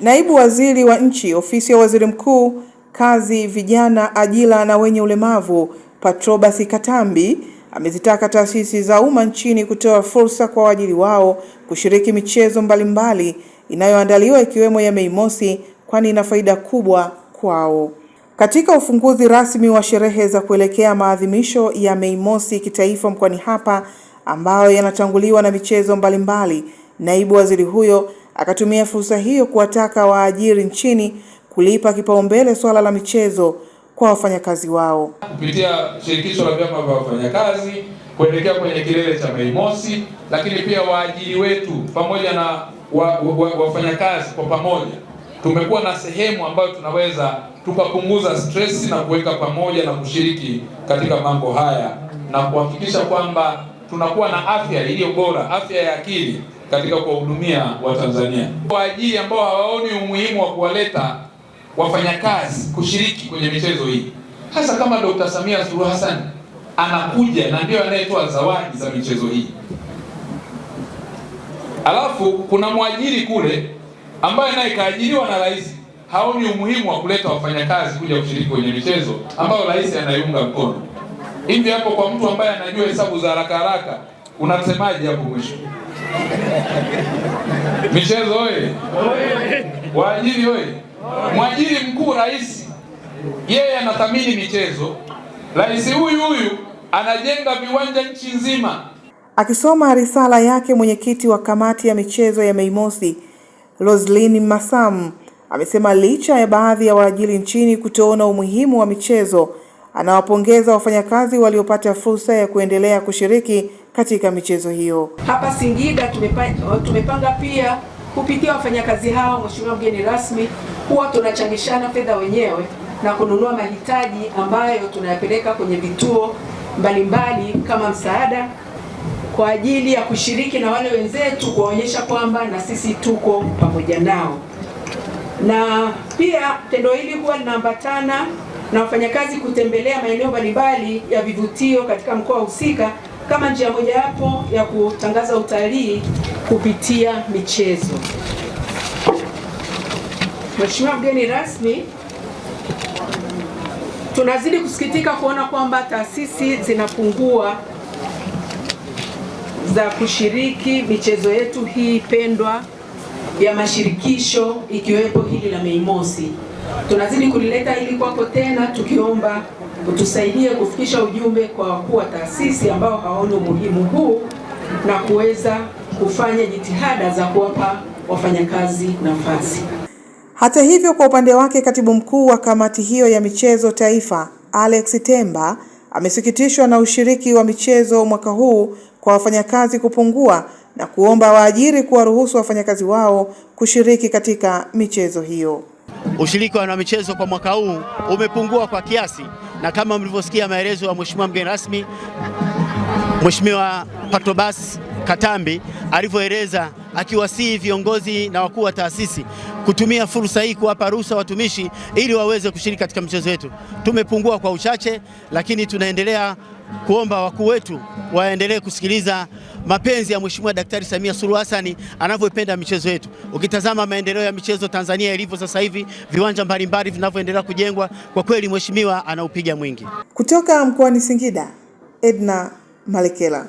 Naibu Waziri wa Nchi, Ofisi ya Waziri Mkuu, Kazi, Vijana, Ajira na Wenye Ulemavu, Patrobas Katambi amezitaka taasisi za umma nchini kutoa fursa kwa waajiri wao kushiriki michezo mbalimbali inayoandaliwa ikiwemo ya Mei Mosi kwani ina faida kubwa kwao. Katika ufunguzi rasmi wa sherehe za kuelekea maadhimisho ya Mei Mosi kitaifa mkoani hapa ambayo yanatanguliwa na michezo mbalimbali, naibu waziri huyo Akatumia fursa hiyo kuwataka waajiri nchini kulipa kipaumbele swala la michezo kwa wafanyakazi wao kupitia shirikisho la vyama vya wafanyakazi kuelekea kwenye kilele cha Mei Mosi, lakini pia waajiri wetu pamoja na wa, wa, wafanyakazi kwa pamoja tumekuwa na sehemu ambayo tunaweza tukapunguza stress na kuweka pamoja na kushiriki katika mambo haya na kuhakikisha kwamba tunakuwa na afya iliyo bora, afya ya akili katika kuwahudumia Watanzania ajili ambao hawaoni umuhimu wa kuwaleta wafanyakazi kushiriki kwenye michezo hii, hasa kama Dr. Samia Suluhu Hassan anakuja na ndio anayetoa zawadi za michezo hii. Alafu kuna mwajiri kule ambaye naye kaajiriwa na rais, haoni umuhimu wa kuleta wafanyakazi kuja kushiriki kwenye michezo ambayo rais anaiunga mkono. Hivi hapo, kwa mtu ambaye anajua hesabu za haraka haraka, unasemaje hapo mwisho? Michezo oye! Waajiri oye! Mwajiri mkuu rais, yeye anathamini michezo. Rais huyu huyu anajenga viwanja nchi nzima. Akisoma risala yake, mwenyekiti wa kamati ya michezo ya Mei Mosi Roslin Massam amesema licha ya baadhi ya waajiri nchini kutoona umuhimu wa michezo anawapongeza wafanyakazi waliopata fursa ya kuendelea kushiriki katika michezo hiyo. Hapa Singida tumepanga, tumepanga pia kupitia wafanyakazi hao, Mheshimiwa mgeni rasmi, huwa tunachangishana fedha wenyewe na kununua mahitaji ambayo tunayapeleka kwenye vituo mbalimbali kama msaada kwa ajili ya kushiriki na wale wenzetu kuwaonyesha kwamba na sisi tuko pamoja nao, na pia tendo hili huwa linaambatana na wafanyakazi kutembelea maeneo mbalimbali ya vivutio katika mkoa husika kama njia mojawapo ya kutangaza utalii kupitia michezo. Mheshimiwa mgeni rasmi, tunazidi kusikitika kuona kwamba taasisi zinapungua za kushiriki michezo yetu hii pendwa ya mashirikisho ikiwepo hili la Mei Mosi. Tunazidi kulileta ili kwako tena tukiomba utusaidie kufikisha ujumbe kwa wakuu wa taasisi ambao hawaoni umuhimu huu na kuweza kufanya jitihada za kuwapa wafanyakazi nafasi. Hata hivyo, kwa upande wake katibu mkuu wa kamati hiyo ya michezo taifa Alex Temba amesikitishwa na ushiriki wa michezo mwaka huu kwa wafanyakazi kupungua na kuomba waajiri kuwaruhusu wafanyakazi wao kushiriki katika michezo hiyo. Ushiriki wa michezo kwa mwaka huu umepungua kwa kiasi, na kama mlivyosikia maelezo ya mheshimiwa mgeni rasmi, Mheshimiwa Patrobas Katambi alivyoeleza akiwasihi viongozi na wakuu wa taasisi kutumia fursa hii kuwapa ruhusa watumishi ili waweze kushiriki katika mchezo wetu. Tumepungua kwa uchache, lakini tunaendelea kuomba wakuu wetu waendelee kusikiliza mapenzi ya Mheshimiwa Daktari Samia Suluhu Hassan anavyoipenda michezo yetu. Ukitazama maendeleo ya michezo Tanzania ilivyo sasa hivi, viwanja mbalimbali vinavyoendelea kujengwa, kwa kweli mheshimiwa anaupiga mwingi. Kutoka mkoani Singida, Edna Malekela.